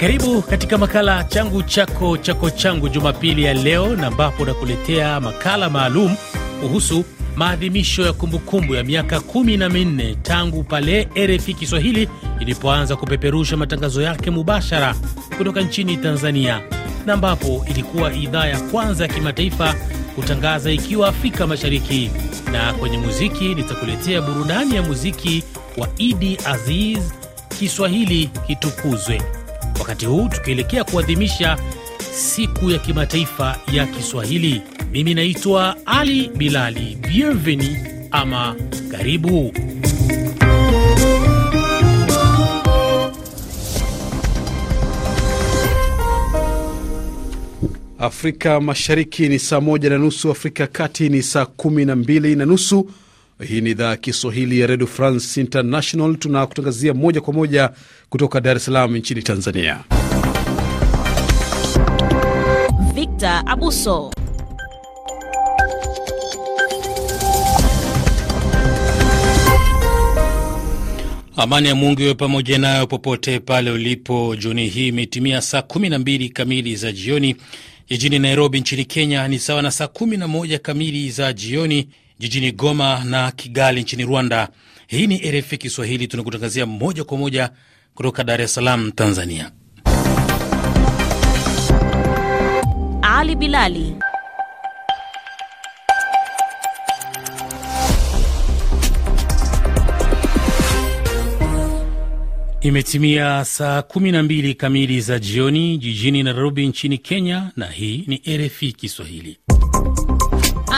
Karibu katika makala changu chako chako changu Jumapili ya leo, na ambapo nakuletea makala maalum kuhusu maadhimisho ya kumbukumbu ya miaka kumi na minne tangu pale RFI Kiswahili ilipoanza kupeperusha matangazo yake mubashara kutoka nchini Tanzania, na ambapo ilikuwa idhaa ya kwanza ya kimataifa kutangaza ikiwa Afrika Mashariki. Na kwenye muziki nitakuletea burudani ya muziki wa Idi Aziz, Kiswahili kitukuzwe wakati huu tukielekea kuadhimisha siku ya kimataifa ya Kiswahili. Mimi naitwa Ali Bilali. Bienveni ama karibu. Afrika Mashariki ni saa moja na nusu, Afrika Kati ni saa kumi na mbili na nusu. Hii ni idhaa ya Kiswahili ya redio France International. Tunakutangazia moja kwa moja kutoka Dar es Salaam nchini Tanzania. Victor Abuso. Amani ya Mungu iwe pamoja nayo popote pale ulipo. Jioni hii imetimia saa 12 kamili za jioni jijini Nairobi nchini Kenya, ni sawa na saa 11 kamili za jioni jijini Goma na Kigali nchini Rwanda. Hii ni RFI Kiswahili, tunakutangazia moja kwa moja kutoka Dar es Salaam, Tanzania. Ali Bilali. Imetimia saa 12 kamili za jioni jijini Nairobi nchini Kenya, na hii ni RFI Kiswahili.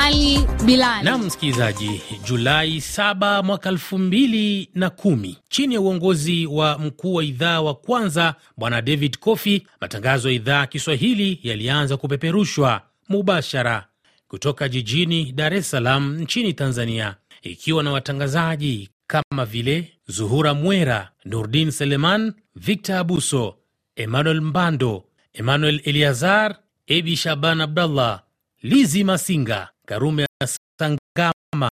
Ali Bilani. Na msikilizaji, Julai 7 mwaka 2010, chini ya uongozi wa mkuu wa idhaa wa kwanza Bwana David Kofi, matangazo ya idhaa Kiswahili yalianza kupeperushwa mubashara kutoka jijini Dar es Salaam nchini Tanzania, ikiwa na watangazaji kama vile Zuhura Mwera, Nurdin Seleman, Victor Abuso, Emmanuel Mbando, Emmanuel Eliazar, Ebi Shaban Abdallah, Lizi Masinga Karume Sangama,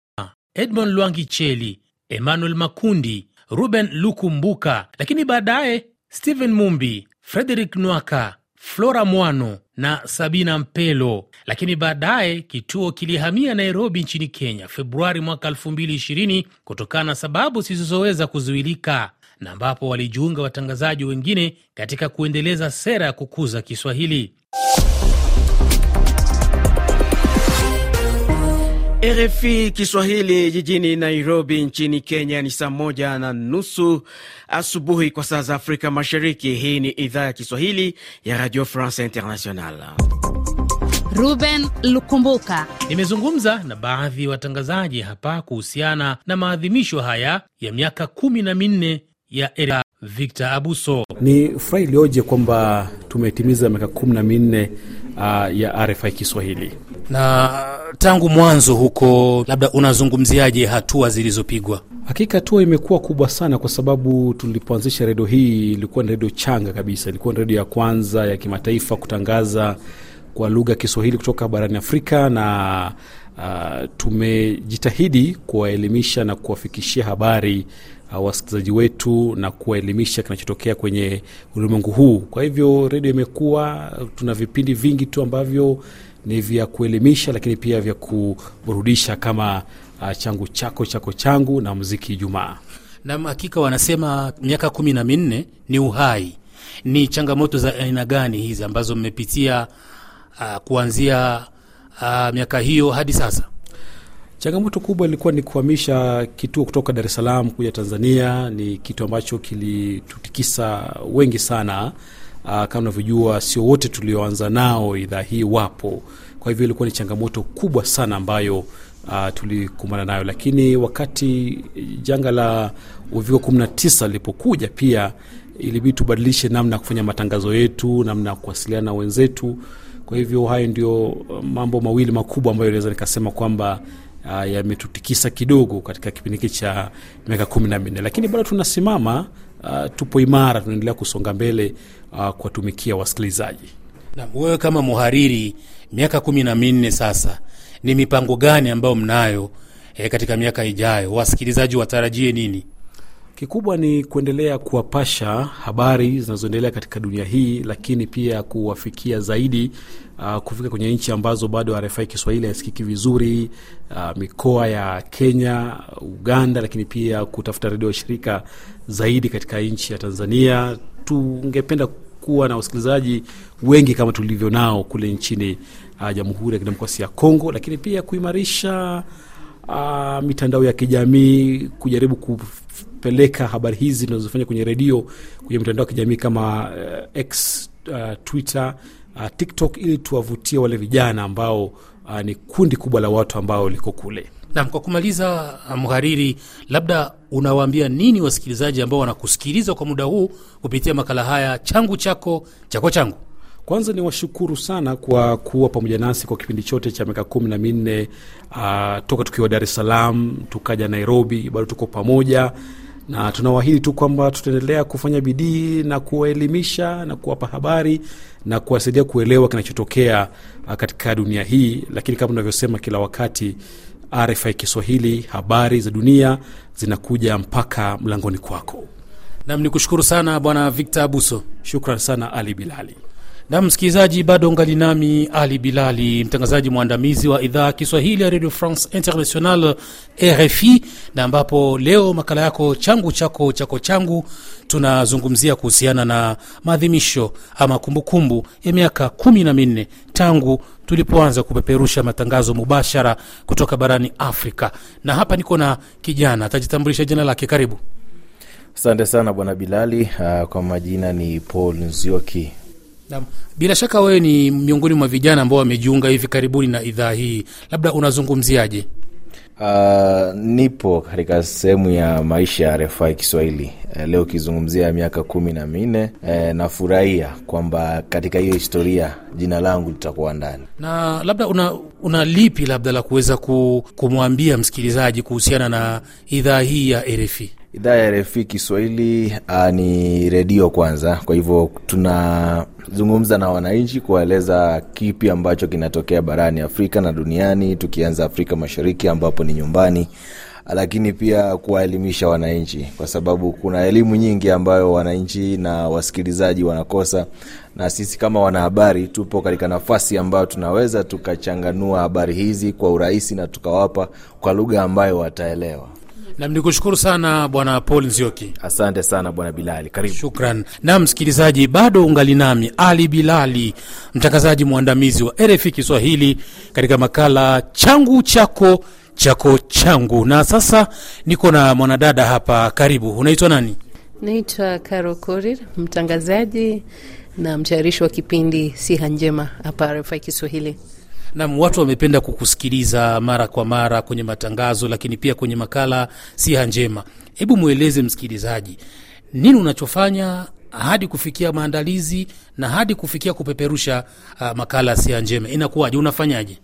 Edmond Lwangi Cheli, Emmanuel Makundi, Ruben Lukumbuka, lakini baadaye Stephen Mumbi, Frederick Nwaka, Flora Mwano na Sabina Mpelo, lakini baadaye kituo kilihamia Nairobi nchini Kenya Februari mwaka 2020 kutokana na sababu zisizoweza kuzuilika, na ambapo walijiunga watangazaji wengine katika kuendeleza sera ya kukuza Kiswahili. RFI Kiswahili jijini Nairobi nchini Kenya ni saa moja na nusu asubuhi kwa saa za Afrika Mashariki. Hii ni idhaa ya Kiswahili ya Radio France International. Ruben Lukumbuka. Nimezungumza na baadhi ya watangazaji hapa kuhusiana na maadhimisho haya ya miaka kumi na minne ya era. Victor Abuso. Ni furaha iliyoje kwamba tumetimiza miaka kumi na minne uh, ya RFI Kiswahili na tangu mwanzo huko, labda unazungumziaje hatua zilizopigwa? Hakika hatua imekuwa kubwa sana, kwa sababu tulipoanzisha redio hii ilikuwa ni redio changa kabisa, ilikuwa ni redio ya kwanza ya kimataifa kutangaza kwa lugha ya Kiswahili kutoka barani Afrika na uh, tumejitahidi kuwaelimisha na kuwafikishia habari uh, wasikilizaji wetu na kuwaelimisha kinachotokea kwenye ulimwengu huu. Kwa hivyo redio imekuwa, tuna vipindi vingi tu ambavyo ni vya kuelimisha, lakini pia vya kuburudisha kama uh, changu chako chako changu na muziki Ijumaa. Nam, hakika wanasema miaka kumi na minne ni uhai. Ni changamoto za aina gani hizi ambazo mmepitia uh, kuanzia uh, miaka hiyo hadi sasa? Changamoto kubwa ilikuwa ni kuhamisha kituo kutoka Dar es Salaam kuja Tanzania. Ni kitu ambacho kilitutikisa wengi sana Uh, kama unavyojua sio wote tulioanza nao idhaa hii wapo, kwa hivyo ilikuwa ni changamoto kubwa sana ambayo uh, tulikumbana nayo, lakini wakati janga la uviko 19 lilipokuja pia ilibidi tubadilishe namna ya kufanya matangazo yetu, namna ya kuwasiliana na wenzetu. Kwa hivyo hayo ndio mambo mawili makubwa ambayo naweza nikasema kwamba uh, yametutikisa kidogo katika kipindi hiki cha miaka kumi na minne, lakini bado tunasimama. Uh, tupo imara, tunaendelea kusonga mbele uh, kuwatumikia wasikilizaji. Na wewe kama muhariri miaka kumi na minne sasa, ni mipango gani ambayo mnayo eh, katika miaka ijayo? Wasikilizaji watarajie nini? Kikubwa ni kuendelea kuwapasha habari zinazoendelea katika dunia hii, lakini pia kuwafikia zaidi uh, kufika kwenye nchi ambazo bado RFI Kiswahili haisikiki vizuri, uh, mikoa ya Kenya, Uganda, lakini pia kutafuta redio shirika zaidi katika nchi ya Tanzania, tungependa kuwa na wasikilizaji wengi kama tulivyo nao kule nchini uh, Jamhuri ya Kidemokrasia ya Kongo, lakini pia kuimarisha uh, mitandao ya kijamii, kujaribu kupeleka habari hizi tunazofanya kwenye redio kwenye mitandao ya kijamii kama uh, X, uh, Twitter, uh, TikTok ili tuwavutie wale vijana ambao uh, ni kundi kubwa la watu ambao liko kule. Nam, kwa kumaliza, ah, mhariri, labda unawaambia nini wasikilizaji ambao wanakusikiliza kwa muda huu kupitia makala haya changu chako chako changu? Kwanza ni washukuru sana kwa kuwa pamoja nasi kwa kipindi chote cha miaka kumi na minne uh, toka tukiwa Dar es Salaam tukaja Nairobi, bado tuko pamoja na tunawaahidi tu kwamba tutaendelea kufanya bidii na kuwaelimisha na kuwapa habari na kuwasaidia kuelewa kinachotokea ah, katika dunia hii, lakini kama unavyosema kila wakati RFI Kiswahili, habari za dunia zinakuja mpaka mlangoni kwako. Nam ni kushukuru sana Bwana Victor Abuso. Shukran sana Ali Bilali na msikilizaji bado ngali nami ali bilali mtangazaji mwandamizi wa idhaa ya kiswahili ya radio france international rfi na ambapo leo makala yako changu chako chako changu tunazungumzia kuhusiana na maadhimisho ama kumbukumbu ya miaka kumi na minne tangu tulipoanza kupeperusha matangazo mubashara kutoka barani afrika na hapa niko na kijana atajitambulisha jina lake karibu asante sana bwana bilali uh, kwa majina ni paul nzioki Naam. Bila shaka wewe ni miongoni mwa vijana ambao wamejiunga hivi karibuni na idhaa hii, labda unazungumziaje? Uh, nipo katika sehemu ya maisha ya RFI Kiswahili uh, leo ukizungumzia miaka kumi na minne uh, nafurahia kwamba katika hiyo historia jina langu litakuwa ndani. Na labda una, una lipi labda la kuweza kumwambia msikilizaji kuhusiana na idhaa hii ya RFI? idhaa ya refi kiswahili uh, ni redio kwanza kwa hivyo tunazungumza na wananchi kuwaeleza kipi ambacho kinatokea barani afrika na duniani tukianza afrika mashariki ambapo ni nyumbani lakini pia kuwaelimisha wananchi kwa sababu kuna elimu nyingi ambayo wananchi na wasikilizaji wanakosa na sisi kama wanahabari tupo katika nafasi ambayo tunaweza tukachanganua habari hizi kwa urahisi na tukawapa kwa lugha ambayo wataelewa Nam, ni kushukuru sana bwana Paul Nzioki. Asante sana bwana Bilali, karibu. Shukran. Nam msikilizaji, bado ungali nami Ali Bilali, mtangazaji mwandamizi wa RFI Kiswahili katika makala changu chako chako changu, na sasa niko na mwanadada hapa. Karibu, unaitwa nani? Naitwa Caro Korir, mtangazaji na mtayarishi wa kipindi Siha Njema hapa RFI Kiswahili. Nam, watu wamependa kukusikiliza mara kwa mara kwenye matangazo, lakini pia kwenye makala Siha Njema. Hebu mweleze msikilizaji nini unachofanya hadi kufikia maandalizi na hadi kufikia kupeperusha uh, makala Siha Njema inakuwaje, unafanyaje?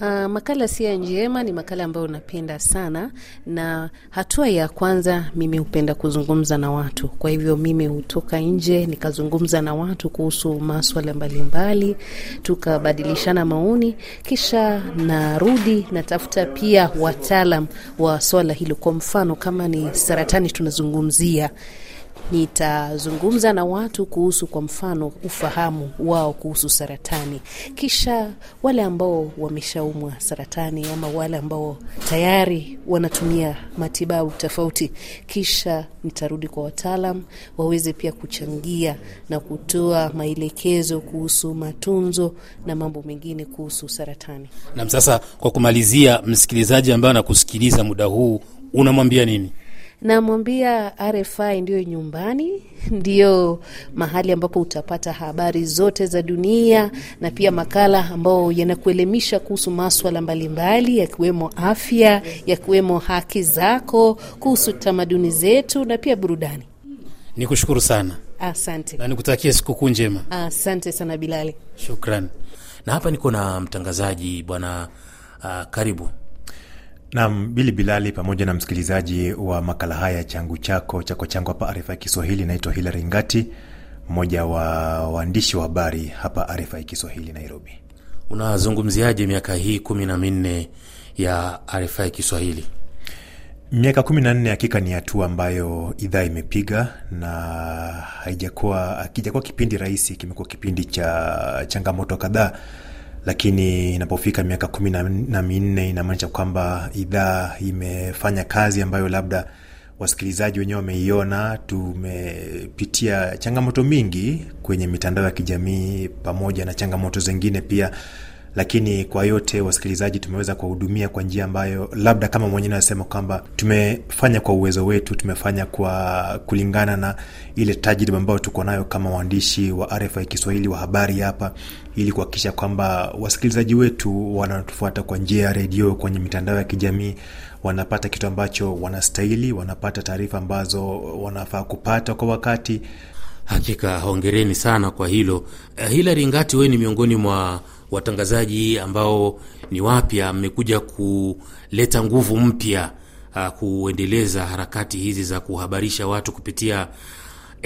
Uh, makala Siha Njema ni makala ambayo unapenda sana, na hatua ya kwanza mimi hupenda kuzungumza na watu. Kwa hivyo mimi hutoka nje nikazungumza na watu kuhusu maswala mbalimbali, tukabadilishana maoni, kisha narudi natafuta pia wataalam wa swala hilo. Kwa mfano kama ni saratani tunazungumzia nitazungumza na watu kuhusu, kwa mfano, ufahamu wao kuhusu saratani, kisha wale ambao wameshaumwa saratani ama wale ambao tayari wanatumia matibabu tofauti, kisha nitarudi kwa wataalam waweze pia kuchangia na kutoa maelekezo kuhusu matunzo na mambo mengine kuhusu saratani. Nam, sasa kwa kumalizia, msikilizaji ambaye anakusikiliza muda huu unamwambia nini? namwambia RFI ndiyo nyumbani, ndiyo mahali ambapo utapata habari zote za dunia na pia makala ambayo yanakuelimisha kuhusu maswala mbalimbali yakiwemo afya, yakiwemo haki zako, kuhusu tamaduni zetu na pia burudani. Nikushukuru sana, asante na nikutakie sikukuu njema. Asante sana Bilali, shukran. Na hapa niko na mtangazaji bwana. Uh, karibu Nam Bili Bilali pamoja na msikilizaji wa makala haya changu chako chako changu hapa RFI Kiswahili. Naitwa Hilary Ngati, mmoja wa waandishi wa habari hapa RFI Kiswahili Nairobi. Unazungumziaje miaka hii kumi na minne ya RFI Kiswahili? Miaka kumi na nne hakika ni hatua ambayo idhaa imepiga na haijakuwa akijakuwa kipindi rahisi, kimekuwa kipindi cha changamoto kadhaa lakini inapofika miaka kumi na minne inamaanisha kwamba idhaa imefanya kazi ambayo labda wasikilizaji wenyewe wameiona. Tumepitia changamoto mingi kwenye mitandao ya kijamii pamoja na changamoto zingine pia lakini kwa yote wasikilizaji tumeweza kuwahudumia kwa njia ambayo labda kama mwenyewe anasema kwamba tumefanya kwa uwezo wetu tumefanya kwa kulingana na ile tajriba ambayo tuko nayo kama waandishi wa rfi kiswahili wa habari hapa ili kuhakikisha kwamba wasikilizaji wetu wanatufuata kwa njia ya redio kwenye mitandao ya kijamii wanapata kitu ambacho wanastahili wanapata taarifa ambazo wanafaa kupata kwa wakati hakika hongereni sana kwa hilo eh, hilari ngati ni miongoni mwa watangazaji ambao ni wapya, mmekuja kuleta nguvu mpya ah, kuendeleza harakati hizi za kuhabarisha watu kupitia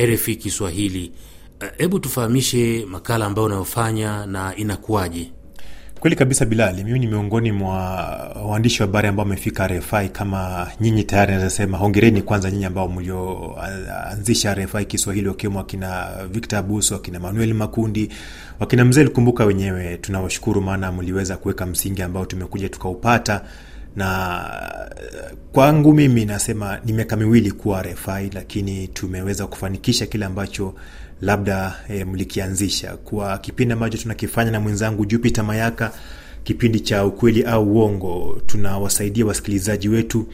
rf Kiswahili. Ah, hebu tufahamishe makala ambayo unayofanya na inakuwaje? Kweli kabisa Bilali, mimi ni miongoni mwa waandishi wa habari ambao wamefika RFI kama nyinyi tayari. nazasema hongereni kwanza nyinyi ambao mlioanzisha RFI Kiswahili, wakiwemo wakina Victor Abuso, wakina Manuel Makundi, wakina Mzee Likumbuka wenyewe. Tunawashukuru maana mliweza kuweka msingi ambao tumekuja tukaupata na kwangu mimi nasema ni miaka miwili kuwa RFI, lakini tumeweza kufanikisha kile ambacho labda e, mlikianzisha kwa kipindi ambacho tunakifanya na mwenzangu Jupiter Mayaka kipindi cha ukweli au uongo, tunawasaidia wasikilizaji wetu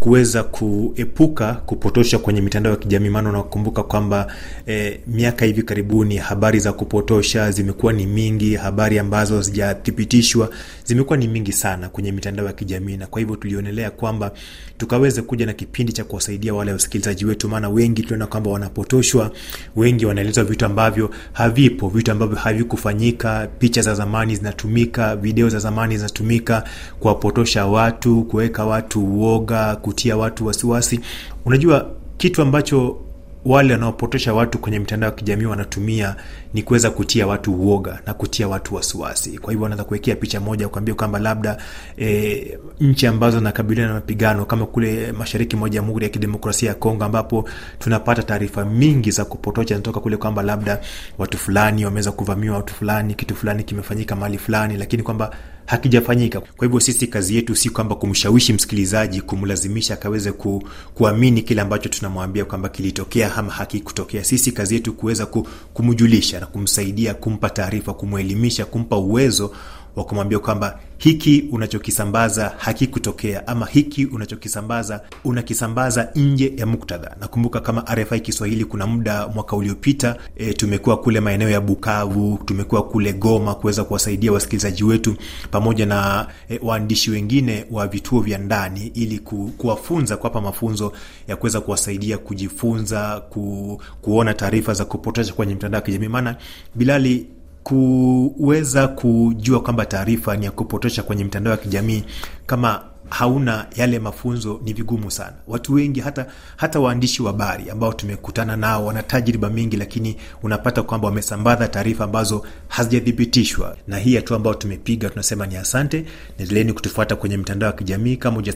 kuweza kuepuka kupotosha kwenye mitandao ya kijamii. Maana unakumbuka kwamba e, miaka hivi karibuni habari za kupotosha zimekuwa ni mingi, habari ambazo hazijathibitishwa zimekuwa ni mingi sana kwenye mitandao ya kijamii, na kwa hivyo tulionelea kwamba tukaweze kuja na kipindi cha kuwasaidia wale wasikilizaji wetu, maana wengi tuliona kwamba wanapotoshwa, wengi wanaelezwa vitu ambavyo havipo, vitu ambavyo havikufanyika, picha za zamani zinatumika, video za za zamani zinatumika kuwapotosha watu, kuweka watu uoga, kutia watu wasiwasi. Unajua kitu ambacho wale wanaopotosha watu kwenye mitandao ya kijamii wanatumia ni kuweza kutia watu uoga na kutia watu wasiwasi. Kwa hivyo wanaweza kuwekea picha moja kuambia kwamba labda e, nchi ambazo nakabiliana na mapigano kama kule mashariki mwa Jamhuri ya Kidemokrasia ya Kongo, ambapo tunapata taarifa mingi za kupotocha zinatoka kule kwamba labda watu fulani wameweza kuvamiwa, watu fulani, kitu fulani kimefanyika mahali fulani, lakini kwamba hakijafanyika. Kwa hivyo sisi kazi yetu si kwamba kumshawishi msikilizaji, kumlazimisha akaweze ku, kuamini kile ambacho tunamwambia kwamba kilitokea ama hakikutokea. Sisi kazi yetu kuweza kumjulisha kumsaidia, kumpa taarifa, kumwelimisha, kumpa uwezo wa kumwambia kwamba hiki unachokisambaza hakikutokea ama hiki unachokisambaza unakisambaza nje ya muktadha. Nakumbuka kama RFI Kiswahili kuna muda mwaka uliopita e, tumekuwa kule maeneo ya Bukavu, tumekuwa kule Goma kuweza kuwasaidia wasikilizaji wetu pamoja na e, waandishi wengine wa vituo vya ndani ili ku, kuwafunza kuwapa mafunzo ya kuweza kuwasaidia kujifunza ku, kuona taarifa za kupotosha kwenye mtandao ya kijamii maana Bilali kuweza kujua kwamba taarifa ni ya kupotosha kwenye mitandao ya kijamii kama hauna yale mafunzo ni vigumu sana. Watu wengi hata, hata waandishi wa habari ambao tumekutana nao wana tajriba mingi, lakini unapata kwamba wamesambaza taarifa ambazo hazijathibitishwa. Na hii hatua ambayo tumepiga tunasema ni asante. Endeleeni kutufuata kwenye mitandao ya kijamii, kama uja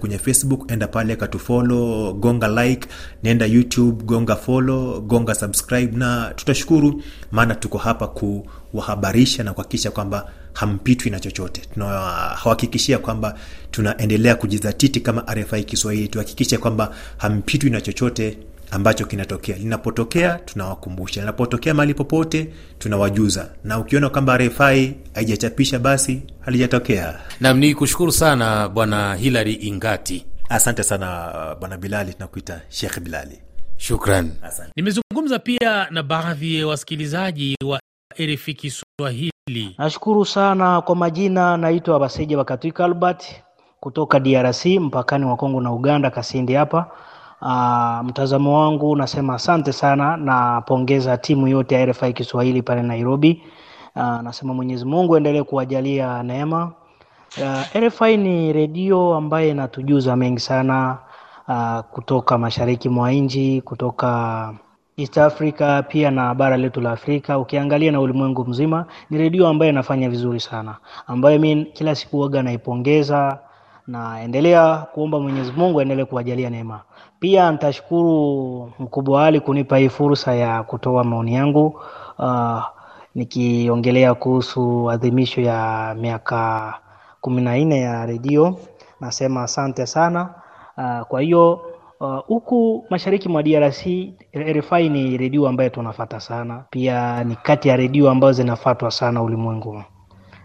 kwenye Facebook enda pale katufolo gonga like, nenda YouTube gonga folo, gonga subscribe, na tutashukuru, maana tuko hapa kuwahabarisha na kuhakikisha kwamba hampitwi na chochote. tunahakikishia kwamba tunaendelea kujizatiti kama RFI Kiswahili, tuhakikishe kwamba hampitwi na chochote ambacho kinatokea. Linapotokea tunawakumbusha, linapotokea mahali popote tunawajuza, na ukiona kwamba RFI haijachapisha basi halijatokea. Nam ni kushukuru sana Bwana Hilary Ingati. Asante sana Bwana Bilali, tunakuita Shekh Bilali. Shukran. Nimezungumza pia na baadhi ya wasikilizaji wa RFI Swahili. Nashukuru sana kwa majina, naitwa Baseja Bakatwika Albert kutoka DRC mpakani wa Kongo na Uganda, Kasindi hapa. Uh, mtazamo wangu nasema asante sana, napongeza timu yote ya RFI Kiswahili pale Nairobi. Uh, nasema Mwenyezi Mungu endelee kuwajalia neema. Uh, ah, RFI ni redio ambaye inatujuza mengi sana uh, kutoka mashariki mwa nchi, kutoka East Africa pia na bara letu la Afrika, ukiangalia na ulimwengu mzima, ni redio ambayo inafanya vizuri sana, ambayo mimi kila siku huwaga naipongeza naendelea kuomba Mwenyezi Mungu aendelee kuwajalia neema. Pia nitashukuru mkubwa Ali kunipa hii fursa ya kutoa maoni yangu, uh, nikiongelea kuhusu adhimisho ya miaka kumi na nne ya redio. Nasema asante sana. Uh, kwa hiyo Uh, huku uh, mashariki mwa DRC RFI ni redio ambayo tunafata sana, pia ni kati ya redio ambazo zinafatwa sana ulimwengu.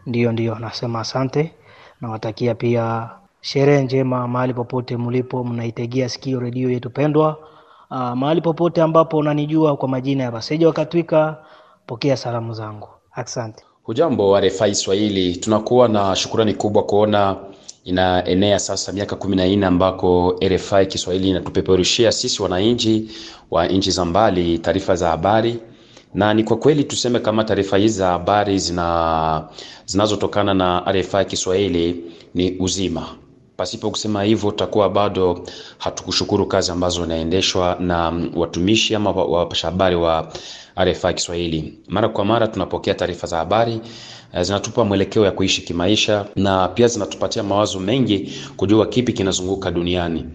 Ndiyo, ndiyo, nasema asante, nawatakia pia sherehe njema mahali popote mlipo, mnaitegea sikio redio yetu pendwa. Uh, mahali popote ambapo unanijua kwa majina ya Baseja Wakatwika, pokea salamu zangu, asante. Hujambo RFI Swahili, tunakuwa na shukurani kubwa kuona inaenea sasa miaka kumi na nne ambako RFI Kiswahili inatupeperushia sisi wananchi wa nchi za mbali taarifa za habari, na ni kwa kweli tuseme kama taarifa hizi za habari zina zinazotokana na RFI Kiswahili ni uzima. Pasipo kusema hivyo, tutakuwa bado hatukushukuru kazi ambazo inaendeshwa na watumishi ama wapasha habari wa RFI Kiswahili. Mara kwa mara tunapokea taarifa za habari Eh, zinatupa mwelekeo ya kuishi kimaisha na pia zinatupatia mawazo mengi kujua kipi kinazunguka duniani.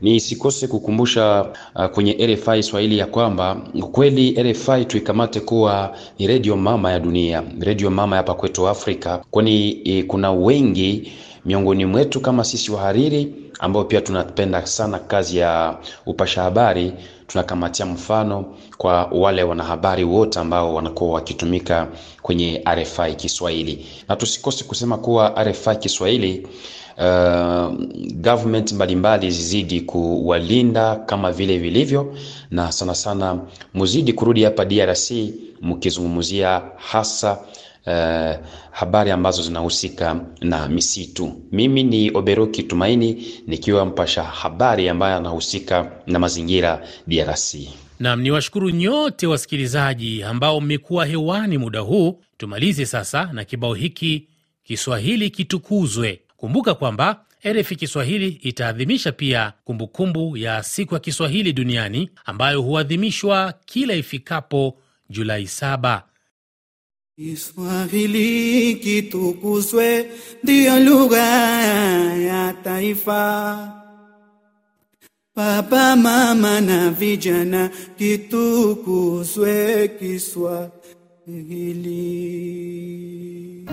ni sikose kukumbusha uh, kwenye RFI Swahili ya kwamba kweli RFI tuikamate kuwa ni redio mama ya dunia, redio mama hapa kwetu Afrika, kwani e, kuna wengi miongoni mwetu kama sisi wahariri ambao pia tunapenda sana kazi ya upasha habari tunakamatia mfano kwa wale wanahabari wote ambao wanakuwa wakitumika kwenye RFI Kiswahili, na tusikose kusema kuwa RFI Kiswahili Uh, government mbalimbali zizidi kuwalinda kama vile vilivyo, na sana sana muzidi kurudi hapa DRC mkizungumzia hasa uh, habari ambazo zinahusika na misitu. Mimi ni Oberoki Tumaini nikiwa mpasha habari ambaye anahusika na mazingira DRC. Naam, ni washukuru nyote wasikilizaji ambao mmekuwa hewani muda huu. Tumalize sasa na kibao hiki, Kiswahili kitukuzwe. Kumbuka kwamba RFI Kiswahili itaadhimisha pia kumbukumbu kumbu ya siku ya Kiswahili duniani ambayo huadhimishwa kila ifikapo Julai saba. Kiswahili kitukuzwe, ndiyo lugha ya taifa. Baba, mama na vijana, kitukuzwe Kiswahili.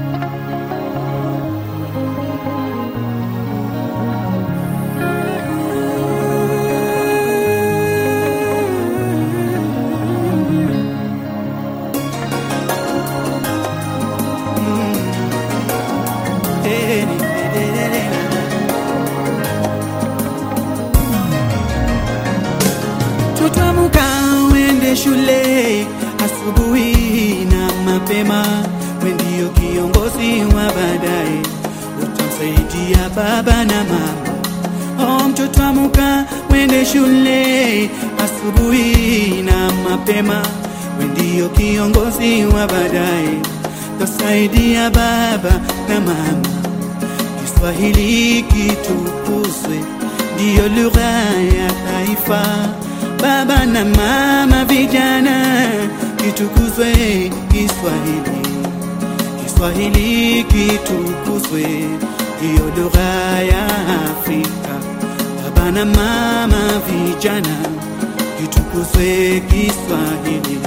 shule asubuhi na mapema, wendio kiongozi wa baadaye, utasaidia baba na mama. O mtoto amuka, wende shule asubuhi na mapema, wendio kiongozi wa baadaye, utasaidia baba na mama. Kiswahili kitukuzwe, ndiyo lugha ya taifa baba na mama, vijana, kitukuzwe Kiswahili, Kiswahili kitukuzwe, hiyo lugha ya Afrika. Baba na mama, vijana, kitukuzwe Kiswahili,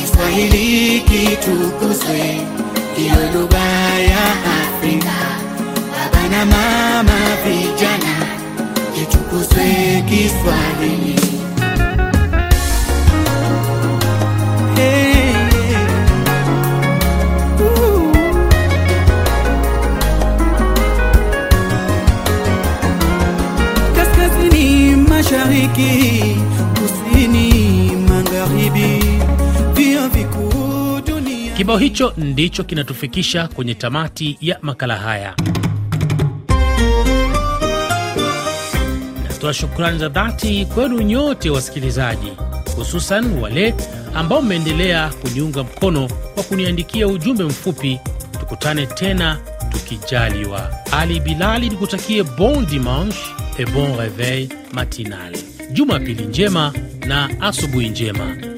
Kiswahili kitukuzwe, hiyo lugha ya Afrika. Baba na mama, vijana, kitukuzwe Kiswahili. mashariki, kusini, magharibi, vyuo vikuu dunia. Kibao hicho ndicho kinatufikisha kwenye tamati ya makala haya. Natoa shukrani za dhati kwenu nyote wasikilizaji, hususan wale ambao mmeendelea kuniunga mkono kwa kuniandikia ujumbe mfupi. Tukutane tena tukijaliwa. Ali Bilali nikutakie bon dimanche e bon reveil matinal. Jumapili njema na asubuhi njema.